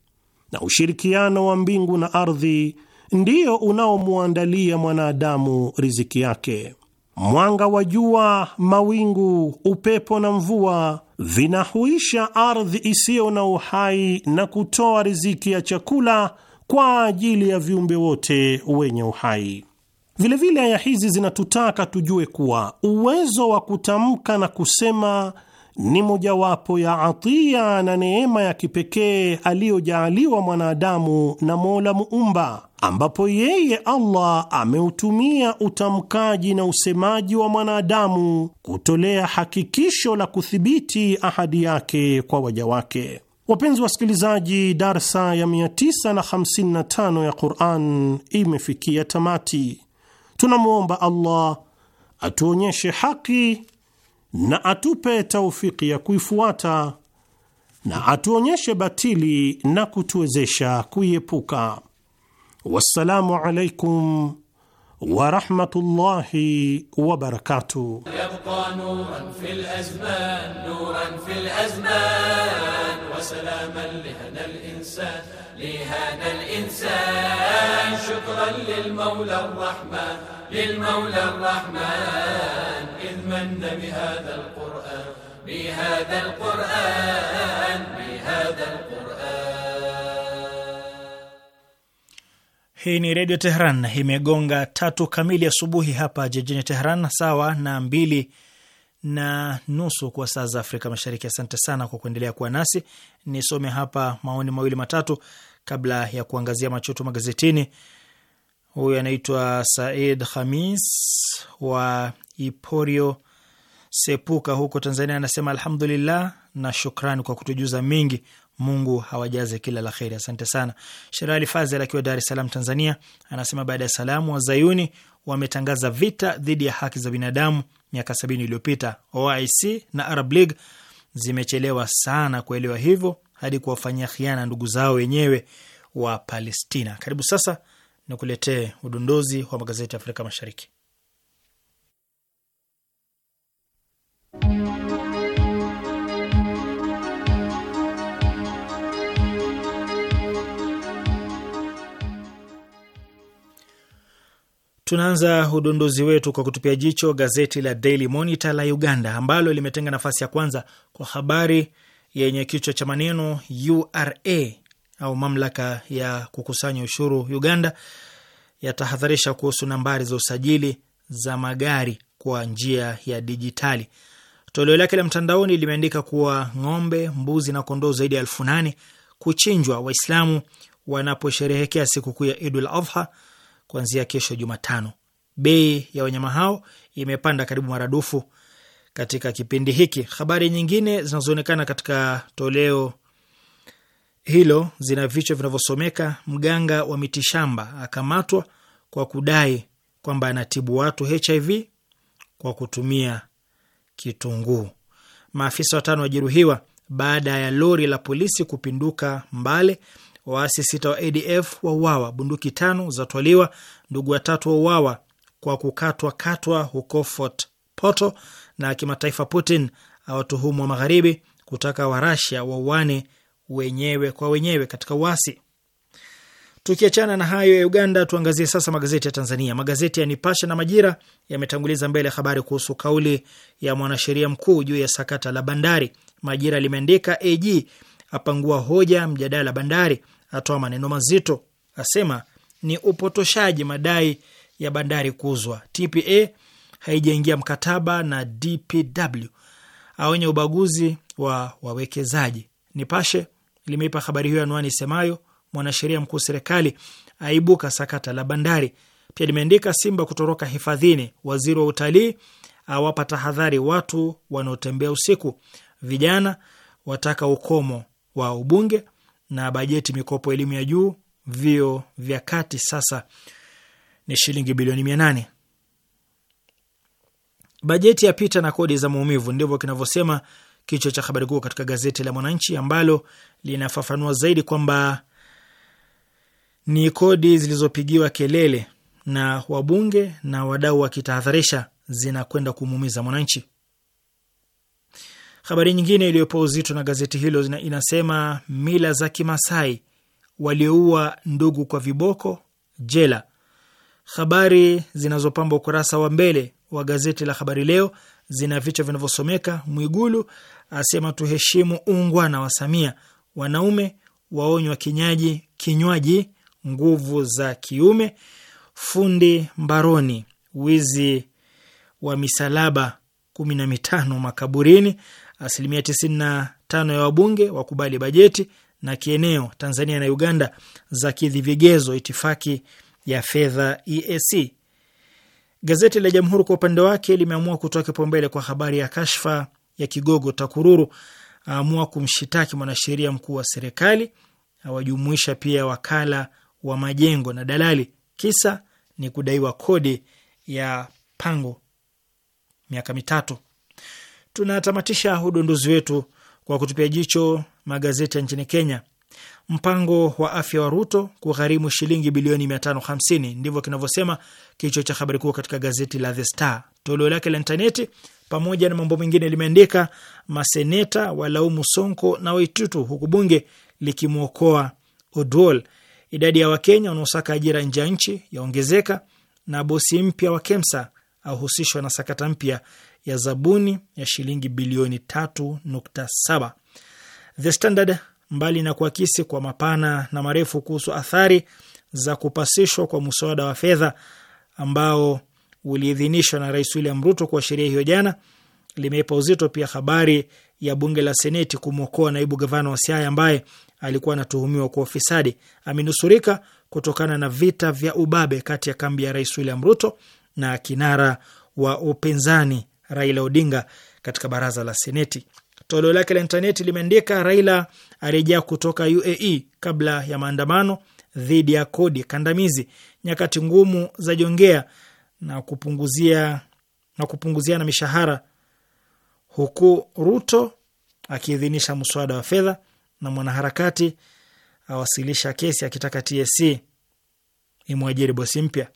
na ushirikiano wa mbingu na ardhi ndio unaomwandalia mwanadamu riziki yake. Mwanga wa jua, mawingu, upepo na mvua vinahuisha ardhi isiyo na uhai na kutoa riziki ya chakula kwa ajili ya viumbe wote wenye uhai. Vilevile aya hizi zinatutaka tujue kuwa uwezo wa kutamka na kusema ni mojawapo ya atiya na neema ya kipekee aliyojaaliwa mwanadamu na Mola Muumba ambapo yeye Allah ameutumia utamkaji na usemaji wa mwanadamu kutolea hakikisho la kuthibiti ahadi yake kwa waja wake. Wapenzi wasikilizaji, darsa ya 955 ya Qur'an imefikia tamati. Tunamwomba Allah atuonyeshe haki na atupe taufiki ya kuifuata na atuonyeshe batili na kutuwezesha kuiepuka. والسلام عليكم ورحمة الله وبركاته يبقى نورا في الأزمان نورا في الأزمان وسلاما لهنا الإنسان لهنا الإنسان شكرا للمولى الرحمن للمولى الرحمن إذ من بهذا القرآن بهذا القرآن بهذا القرآن Hii ni Redio Tehran. Imegonga tatu kamili asubuhi hapa jijini Tehran, sawa na mbili na nusu kwa saa za Afrika Mashariki. Asante sana kwa kuendelea kuwa nasi. Nisome hapa maoni mawili matatu kabla ya kuangazia machoto magazetini. Huyu anaitwa Said Khamis wa Iporio Sepuka huko Tanzania, anasema alhamdulillah na shukrani kwa kutujuza mingi Mungu hawajaze kila la kheri. Asante sana. Sherali Fazel akiwa Dar es Salaam, Tanzania, anasema baada ya salamu, wazayuni wametangaza vita dhidi ya haki za binadamu miaka sabini iliyopita. OIC na Arab League zimechelewa sana kuelewa hivyo hadi kuwafanyia khiana ndugu zao wenyewe wa Palestina. Karibu sasa nikuletee udondozi wa magazeti ya Afrika Mashariki. Tunaanza udondozi wetu kwa kutupia jicho gazeti la Daily Monitor la Uganda ambalo limetenga nafasi ya kwanza kwa habari yenye kichwa cha maneno URA au mamlaka ya kukusanya ushuru Uganda yatahadharisha kuhusu nambari za usajili za magari kwa njia ya dijitali. Toleo lake la mtandaoni limeandika kuwa ng'ombe, mbuzi na kondoo zaidi ya elfu nane kuchinjwa Waislamu wanaposherehekea sikukuu ya Idul Adha kuanzia kesho Jumatano. Bei ya wanyama hao imepanda karibu maradufu katika kipindi hiki. Habari nyingine zinazoonekana katika toleo hilo zina vichwa vinavyosomeka mganga wa mitishamba akamatwa kwa kudai kwamba anatibu watu HIV kwa kutumia kitunguu. Maafisa watano wajeruhiwa baada ya lori la polisi kupinduka Mbale Waasi sita wa ADF wauawa, bunduki tano zatwaliwa, ndugu watatu wauawa kwa kukatwa katwa huko Fort Poto, na kimataifa, Putin awatuhumu wa magharibi kutaka Warasia wauane wenyewe kwa wenyewe katika uasi. Tukiachana na hayo ya Uganda, tuangazie sasa magazeti ya Tanzania. Magazeti ya nipasha na Majira yametanguliza mbele habari kuhusu kauli ya mwanasheria mkuu juu ya sakata la bandari. Majira limeandika AG apangua hoja mjadala bandari, atoa maneno mazito, asema ni upotoshaji madai ya bandari kuuzwa. TPA haijaingia mkataba na DPW, aonye ubaguzi wa wawekezaji. Nipashe limeipa habari hiyo anwani isemayo mwanasheria mkuu serikali aibuka sakata la bandari. Pia limeandika Simba kutoroka hifadhini, waziri wa utalii awapa tahadhari watu wanaotembea usiku, vijana wataka ukomo wa ubunge na bajeti mikopo elimu ya juu vio vya kati sasa ni shilingi bilioni mia nane. Bajeti ya pita na kodi za maumivu, ndivyo kinavyosema kichwa cha habari kuu katika gazeti la Mwananchi ambalo linafafanua zaidi kwamba ni kodi zilizopigiwa kelele na wabunge na wadau wakitahadharisha zinakwenda kumuumiza mwananchi. Habari nyingine iliyopo uzito na gazeti hilo inasema mila za Kimasai, walioua ndugu kwa viboko jela. Habari zinazopamba ukurasa wa mbele wa gazeti la Habari Leo zina vichwa vinavyosomeka Mwigulu asema tuheshimu ungwana wa Samia, wanaume waonywa kinyaji kinywaji nguvu za kiume, fundi mbaroni, wizi wa misalaba kumi na mitano makaburini, asilimia 95 ya wabunge wakubali bajeti, na kieneo Tanzania na Uganda zakidhi vigezo itifaki ya fedha EAC. Gazeti la Jamhuri kwa upande wake limeamua kutoa kipaumbele kwa habari ya kashfa ya kigogo TAKURURU aamua kumshitaki mwanasheria mkuu wa serikali, awajumuisha pia wakala wa majengo na dalali, kisa ni kudaiwa kodi ya pango miaka mitatu. Tunatamatisha udunduzi wetu kwa kutupia jicho magazeti ya nchini Kenya. Mpango wa afya wa Ruto kugharimu shilingi bilioni 550, ndivyo kinavyosema kichwa cha habari kuu katika gazeti la The Star toleo lake la intaneti. Pamoja na mambo mengine, limeandika maseneta walaumu Sonko na Waitutu, huku bunge likimwokoa Odwol. Idadi ya Wakenya wanaosaka ajira nje ya nchi yaongezeka, na bosi mpya wa KEMSA ahusishwa na sakata mpya ya zabuni ya shilingi bilioni 3.7. The Standard, mbali na kuakisi kwa mapana na marefu kuhusu athari za kupasishwa kwa mswada wa fedha ambao uliidhinishwa na Rais William Ruto kwa sheria hiyo jana, limeipa uzito pia habari ya bunge la Seneti kumwokoa naibu gavana wa Siaya ambaye alikuwa anatuhumiwa kwa ufisadi, amenusurika kutokana na vita vya ubabe kati ya kambi ya Rais William Ruto na kinara wa upinzani Raila Odinga katika baraza la Seneti. Toleo lake la intaneti limeandika Raila arejea kutoka UAE kabla ya maandamano dhidi ya kodi kandamizi, nyakati ngumu za jongea na kupunguzia na na mishahara, huku Ruto akiidhinisha mswada wa fedha, na mwanaharakati awasilisha kesi akitaka TSC e imwajiri bosi mpya.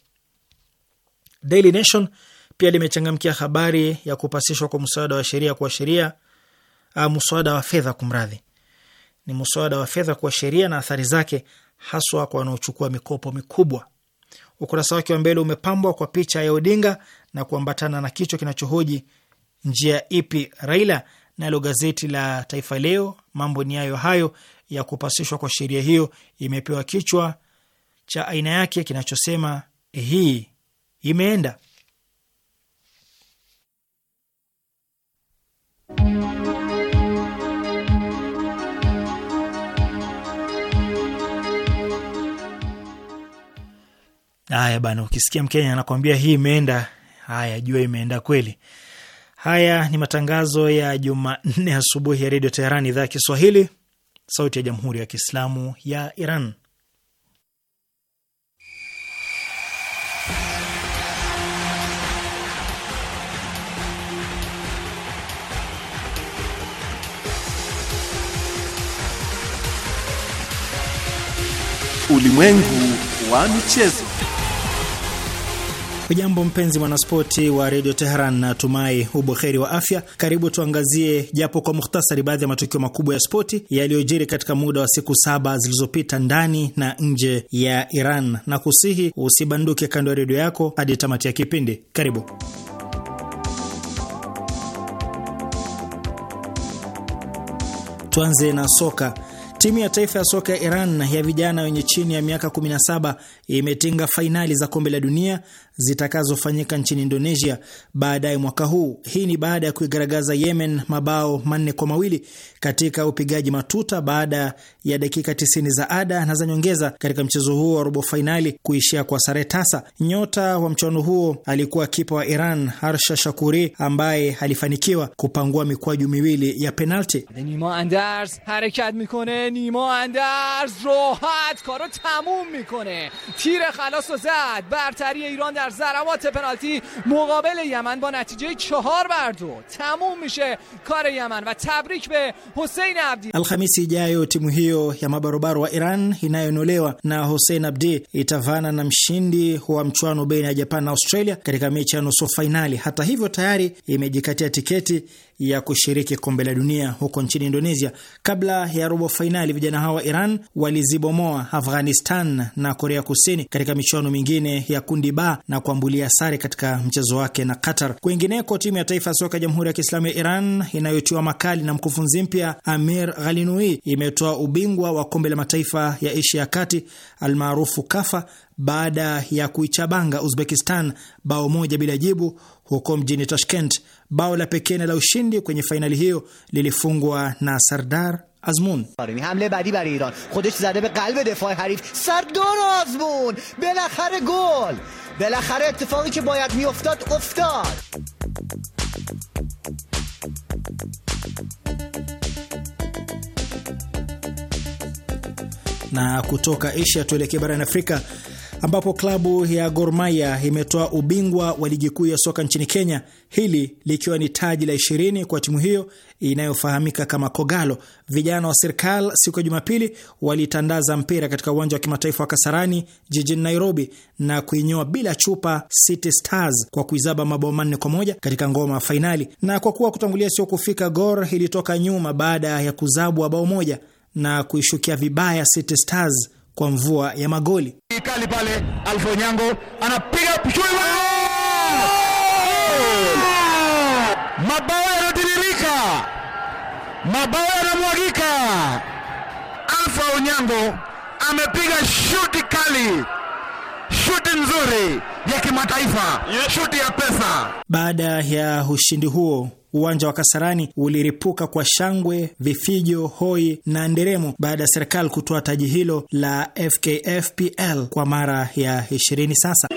Daily Nation pia limechangamkia habari ya kupasishwa kwa mswada wa sheria kwa sheria, ah, mswada wa fedha kumradhi, ni mswada wa fedha kwa sheria na athari zake haswa kwa wanaochukua mikopo mikubwa. Ukurasa wake wa mbele umepambwa kwa picha ya Odinga na kuambatana na kichwa kinachohoji njia ipi Raila. Nalo gazeti la Taifa Leo mambo ni hayo hayo ya kupasishwa kwa sheria hiyo, imepewa kichwa cha aina yake kinachosema hii imeenda. Haya bana, ukisikia Mkenya anakwambia hii imeenda, haya jua imeenda kweli. Haya ni matangazo ya Jumanne asubuhi ya Redio Teheran, idhaa ya Kiswahili, sauti ya Jamhuri ya Kiislamu ya Iran. Ulimwengu wa michezo ujambo mpenzi mwanaspoti wa redio Teheran, na tumai ubuheri wa afya. Karibu tuangazie japo kwa muhtasari baadhi ya matukio makubwa ya spoti yaliyojiri katika muda wa siku saba zilizopita ndani na nje ya Iran, na kusihi usibanduke kando ya redio yako hadi tamati ya kipindi. Karibu. Tuanze na soka. Timu ya taifa ya soka ya Iran ya vijana wenye chini ya miaka 17 imetinga fainali za kombe la dunia zitakazofanyika nchini Indonesia baadaye mwaka huu. Hii ni baada ya kuigaragaza Yemen mabao manne kwa mawili katika upigaji matuta baada ya dakika 90 za ada na za nyongeza katika mchezo huo wa robo fainali kuishia kwa sare tasa. Nyota wa mchuano huo alikuwa kipa wa Iran Harsha Shakuri ambaye alifanikiwa kupangua mikwaju miwili ya penalti. نیما اندرز راحت کارو تموم میکنه تیر خلاص و زد برتری ایران در ضربات پنالتی مقابل یمن با نتیجه چهار بر تموم میشه کار یمن و تبریک به حسین عبدی الخمیسی ijayo timu hiyo ya mabarobaro wa Iran inayonolewa na حسین Abdi itavana na mshindi wa mchuano baina ya Japan na Australia katika mechi ya nusu fainali. Hata hivyo, tayari imejikatia tiketi ya kushiriki kombe la dunia huko nchini fainali vijana hao wa Iran walizibomoa Afghanistan na Korea Kusini katika michuano mingine ya kundi ba na kuambulia sare katika mchezo wake na Qatar. Kwingineko, timu ya taifa ya soka ya Jamhuri ya Kiislamu ya Iran inayotiwa makali na mkufunzi mpya Amir Ghalinui imetoa ubingwa wa kombe la mataifa ya Asia ya kati almaarufu Kafa baada ya kuichabanga Uzbekistan bao moja bila jibu huko mjini Tashkent. Bao la pekee na la ushindi kwenye fainali hiyo lilifungwa na Sardar ازمون. این حمله بعدی برای ایران خودش زده به قلب دفاع حریف سردار آزمون بالاخره گل بالاخره اتفاقی که باید میافتاد افتاد na kutoka Asia tuelekee barani Afrika ambapo klabu ya Gor Mahia imetoa ubingwa wa ligi kuu ya hili likiwa ni taji la ishirini kwa timu hiyo inayofahamika kama Kogalo. Vijana wa serikal siku ya Jumapili walitandaza mpira katika uwanja wa kimataifa wa Kasarani jijini Nairobi na kuinyoa bila chupa City Stars kwa kuizaba mabao manne kwa moja katika ngoma ya fainali. Na kwa kuwa kutangulia sio kufika, Gor ilitoka nyuma baada ya kuzabwa bao moja na kuishukia vibaya City Stars kwa mvua ya magoli kali pale. Alfonyango anapiga mabao yanatiririka, mabao yanamwagika. Alfa Onyango amepiga shuti kali, shuti nzuri ya kimataifa, shuti ya pesa. Baada ya ushindi huo uwanja wa Kasarani uliripuka kwa shangwe, vifijo, hoi na nderemo baada ya serikali kutoa taji hilo la FKFPL kwa mara ya 20 sasa.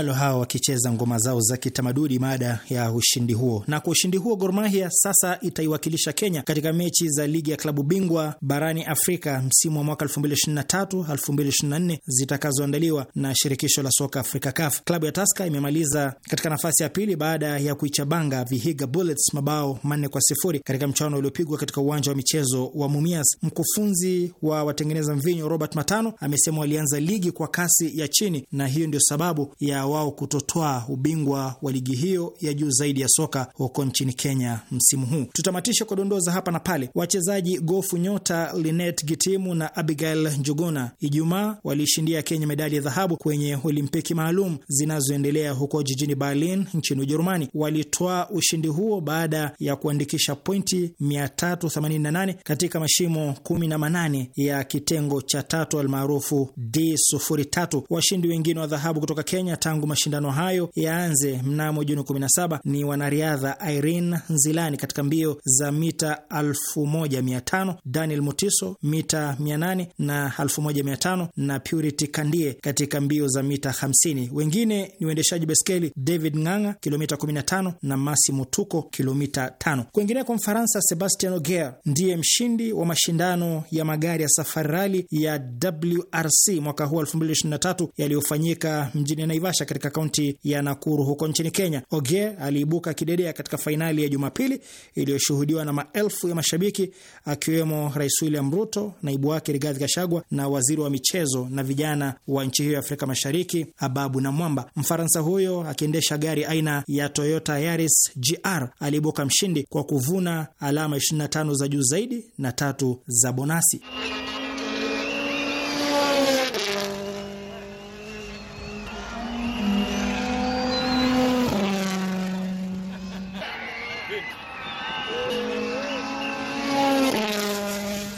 Kidalo hao wakicheza ngoma zao za kitamaduni baada ya ushindi huo. Na kwa ushindi huo, Gor Mahia sasa itaiwakilisha Kenya katika mechi za ligi ya klabu bingwa barani Afrika msimu wa mwaka 2023 2024 zitakazoandaliwa na shirikisho la soka Afrika CAF. Klabu ya Taska imemaliza katika nafasi ya pili baada ya kuichabanga Vihiga Bullets mabao manne kwa sifuri katika mchuano uliopigwa katika uwanja wa michezo wa Mumias. Mkufunzi wa watengeneza mvinyo Robert Matano amesema walianza ligi kwa kasi ya chini na hiyo ndio sababu ya wao kutotwaa ubingwa wa ligi hiyo ya juu zaidi ya soka huko nchini Kenya msimu huu. Tutamatisha kwa dondoza hapa na pale. Wachezaji gofu nyota Linet Gitimu na Abigail Njuguna Ijumaa waliishindia Kenya medali ya dhahabu kwenye Olimpiki maalum zinazoendelea huko jijini Berlin nchini Ujerumani. Walitwaa ushindi huo baada ya kuandikisha pointi 388 katika mashimo 18 ya kitengo cha tatu almaarufu D03. Washindi wengine wa dhahabu kutoka Kenya tangu mashindano hayo yaanze mnamo Juni 17 ni wanariadha Irene Nzilani katika mbio za mita 1500, Daniel Mutiso mita 800 na 1500 na Purity Kandie katika mbio za mita 50. Wengine ni uendeshaji beskeli David Nganga kilomita 15 na Masi Mutuko kilomita 5. Kwingineko, Mfaransa Sebastian Ogier ndiye mshindi wa mashindano ya magari ya safari rali ya WRC mwaka huu 2023 yaliyofanyika mjini Naivasha machache katika kaunti ya Nakuru huko nchini Kenya. Oge aliibuka kidedea katika fainali ya Jumapili iliyoshuhudiwa na maelfu ya mashabiki akiwemo Rais William Ruto, naibu wake Rigathi Gachagua na waziri wa michezo na vijana wa nchi hiyo ya Afrika Mashariki Ababu na Mwamba. Mfaransa huyo akiendesha gari aina ya Toyota Yaris GR aliibuka mshindi kwa kuvuna alama 25 za juu zaidi na tatu za bonasi.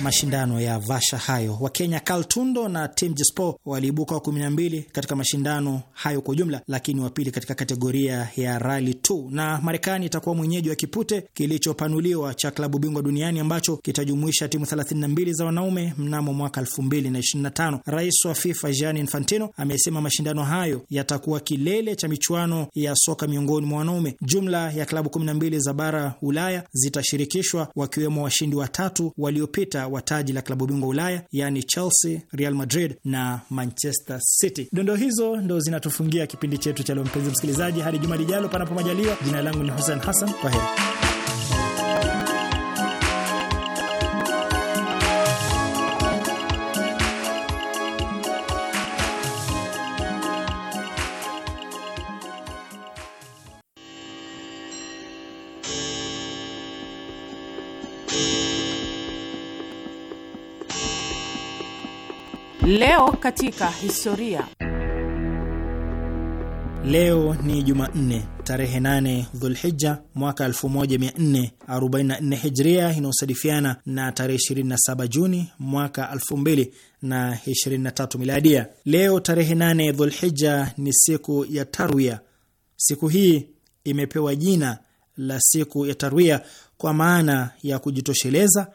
mashindano ya Vasha hayo. Wakenya tundo na tim Jispo waliibuka wa 12 katika mashindano hayo kwa ujumla, lakini wa pili katika kategoria ya Rally 2 na Marekani itakuwa mwenyeji wa kipute kilichopanuliwa cha klabu bingwa duniani ambacho kitajumuisha timu 32 za wanaume mnamo mwaka 2025. Rais wa FIFA Gianni Infantino amesema mashindano hayo yatakuwa kilele cha michuano ya soka miongoni mwa wanaume. Jumla ya klabu 12 za bara Ulaya zitashirikishwa wakiwemo washindi watatu waliopita wa taji la klabu bingwa Ulaya, yaani Chelsea, Real Madrid na Manchester City. dondo hizo ndo zinatufungia kipindi chetu cha leo, mpenzi msikilizaji, hadi juma lijalo, panapo majaliwa. Jina langu ni Hussein Hassan, kwa heri. Leo katika historia. Leo ni Jumanne tarehe 8 Dhulhija mwaka 1444 Hijria, inayosadifiana na tarehe 27 Juni mwaka 2023 Miladia. Leo tarehe 8 Dhulhija ni siku ya Tarwia. Siku hii imepewa jina la siku ya Tarwia kwa maana ya kujitosheleza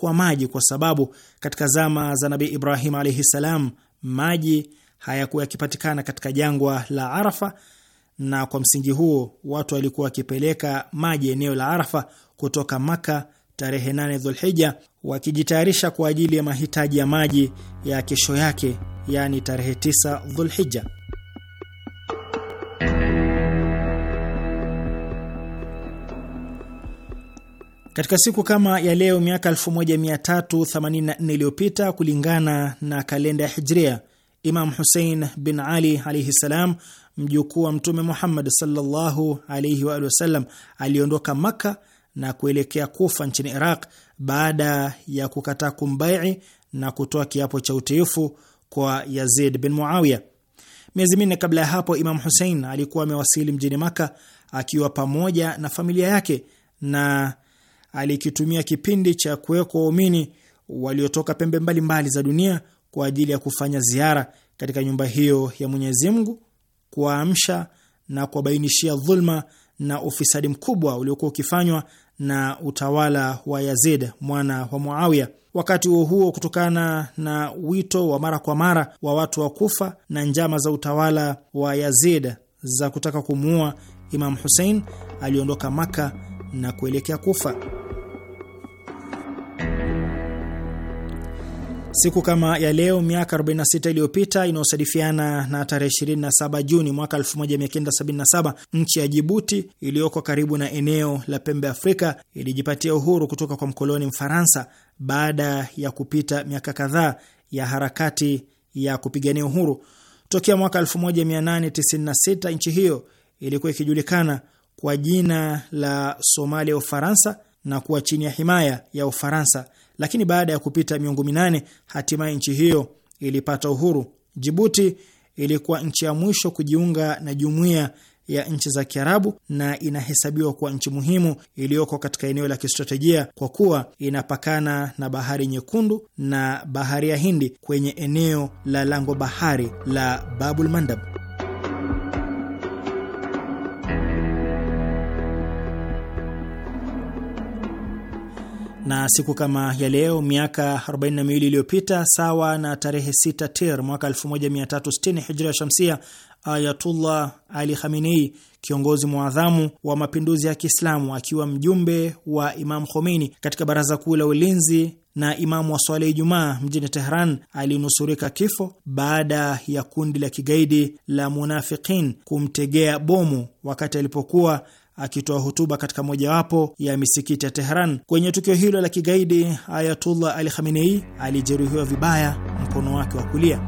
kwa maji, kwa sababu katika zama za Nabii Ibrahim alaihi salam maji hayakuwa yakipatikana katika jangwa la Arafa, na kwa msingi huo watu walikuwa wakipeleka maji eneo la Arafa kutoka Maka tarehe 8 Dhulhija, wakijitayarisha kwa ajili ya mahitaji ya maji ya kesho yake, yaani tarehe 9 Dhulhija. Katika siku kama ya leo miaka 1384 iliyopita kulingana na kalenda ya Hijria, Imam Husein bin Ali alaihi ssalam, mjukuu wa Mtume Muhammad sallallahu alaihi waalihi wasallam, aliondoka Makka na kuelekea Kufa nchini Iraq baada ya kukataa kumbaii na kutoa kiapo cha utiifu kwa Yazid bin Muawiya. Miezi minne kabla ya hapo, Imam Husein alikuwa amewasili mjini Makka akiwa pamoja na familia yake na alikitumia kipindi cha kuwekwa waumini waliotoka pembe mbalimbali mbali za dunia kwa ajili ya kufanya ziara katika nyumba hiyo ya Mwenyezi Mungu, kuwaamsha na kuwabainishia dhulma na ufisadi mkubwa uliokuwa ukifanywa na utawala wa Yazid mwana wa Muawiya. Wakati huo huo, kutokana na wito wa mara kwa mara wa watu wa Kufa na njama za utawala wa Yazid za kutaka kumuua Imam Husein, aliondoka Maka na kuelekea Kufa. Siku kama ya leo miaka 46 iliyopita inayosadifiana na tarehe 27 Juni mwaka 1977 nchi ya Jibuti iliyoko karibu na eneo la pembe Afrika ilijipatia uhuru kutoka kwa mkoloni Mfaransa baada ya kupita miaka kadhaa ya harakati ya kupigania uhuru. Tokea mwaka 1896 nchi hiyo ilikuwa ikijulikana kwa jina la Somalia ya Ufaransa na kuwa chini ya himaya ya Ufaransa, lakini baada ya kupita miongo minane hatimaye nchi hiyo ilipata uhuru. Jibuti ilikuwa nchi ya mwisho kujiunga na jumuiya ya nchi za Kiarabu na inahesabiwa kuwa nchi muhimu iliyoko katika eneo la kistratejia kwa kuwa inapakana na Bahari Nyekundu na Bahari ya Hindi kwenye eneo la lango bahari la Babul Mandab. na siku kama ya leo miaka 42 iliyopita, sawa na tarehe 6 Tir mwaka 1360 hijria shamsia, Ayatullah Ali Khamenei, kiongozi mwadhamu wa mapinduzi ya Kiislamu, akiwa mjumbe wa Imam Khomeini katika baraza kuu la ulinzi na imamu wa swala ya Ijumaa mjini Tehran alinusurika kifo baada ya kundi la kigaidi la Munafiqin kumtegea bomu wakati alipokuwa akitoa hotuba katika mojawapo ya misikiti ya Tehran. Kwenye tukio hilo la kigaidi, Ayatullah Ali Khamenei alijeruhiwa vibaya mkono wake wa kulia.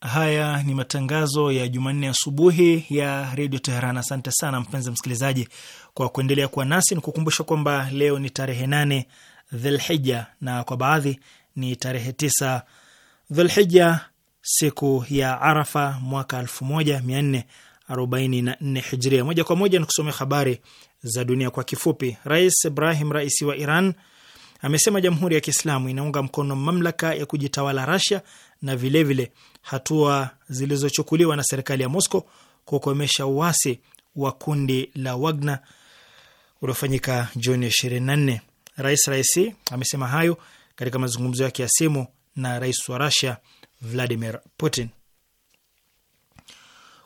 Haya ni matangazo ya Jumanne asubuhi ya redio Teheran. Asante sana mpenzi msikilizaji kwa kuendelea kuwa nasi. Nikukumbusha kwamba leo ni tarehe nane Dhulhija, na kwa baadhi ni tarehe tisa Dhulhija, siku ya Arafa mwaka nne Hijria. Moja kwa moja ni kusomea habari za dunia kwa kifupi. Rais Ibrahim Raisi wa Iran amesema Jamhuri ya Kiislamu inaunga mkono mamlaka ya kujitawala Rasia na vilevile vile hatua zilizochukuliwa na serikali ya Moscow kukomesha uasi wa kundi la Wagner uliofanyika Juni 24. Rais Raisi amesema hayo katika mazungumzo yake ya simu na rais wa Rusia Vladimir Putin.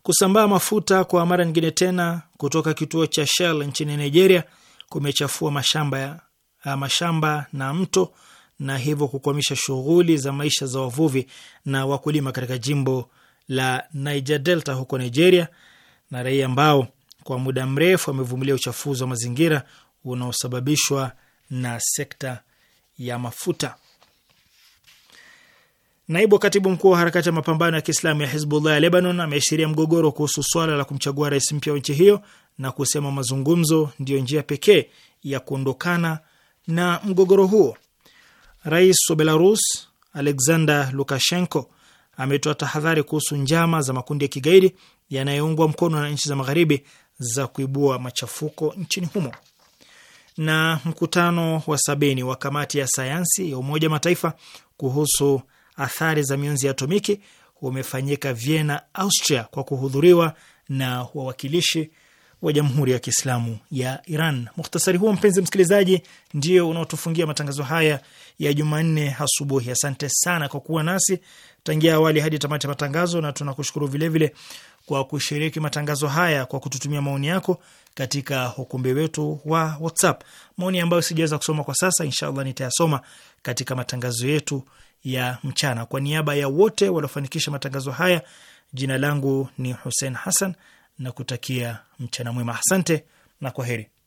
Kusambaa mafuta kwa mara nyingine tena kutoka kituo cha Shell nchini Nigeria kumechafua mashamba, ya, ah, mashamba na mto na hivyo kukwamisha shughuli za maisha za wavuvi na wakulima katika jimbo la Niger Delta huko Nigeria, na raia ambao kwa muda mrefu wamevumilia uchafuzi wa mazingira unaosababishwa na sekta ya mafuta. Naibu katibu mkuu wa harakati ya mapambano ya Kiislamu ya Hizbullah ya Lebanon ameashiria mgogoro kuhusu swala la kumchagua rais mpya wa nchi hiyo na kusema mazungumzo ndiyo njia pekee ya kuondokana na mgogoro huo. Rais wa Belarus Alexander Lukashenko ametoa tahadhari kuhusu njama za makundi ya kigaidi yanayoungwa mkono na nchi za magharibi za kuibua machafuko nchini humo na mkutano wa sabini wa kamati ya sayansi ya Umoja Mataifa kuhusu athari za mionzi ya atomiki umefanyika Vienna, Austria, kwa kuhudhuriwa na wawakilishi wa Jamhuri ya Kiislamu ya Iran. Mukhtasari huo mpenzi msikilizaji, ndio unaotufungia matangazo haya ya Jumanne asubuhi. Asante sana kwa kuwa nasi tangia awali hadi tamati ya matangazo, na tunakushukuru vilevile kwa kushiriki matangazo haya kwa kututumia maoni yako katika ukumbi wetu wa WhatsApp. Maoni ambayo sijaweza kusoma kwa sasa, inshallah nitayasoma katika matangazo yetu ya mchana. Kwa niaba ya wote waliofanikisha matangazo haya, jina langu ni Hussein Hassan na kutakia mchana mwema. Asante na kwaheri.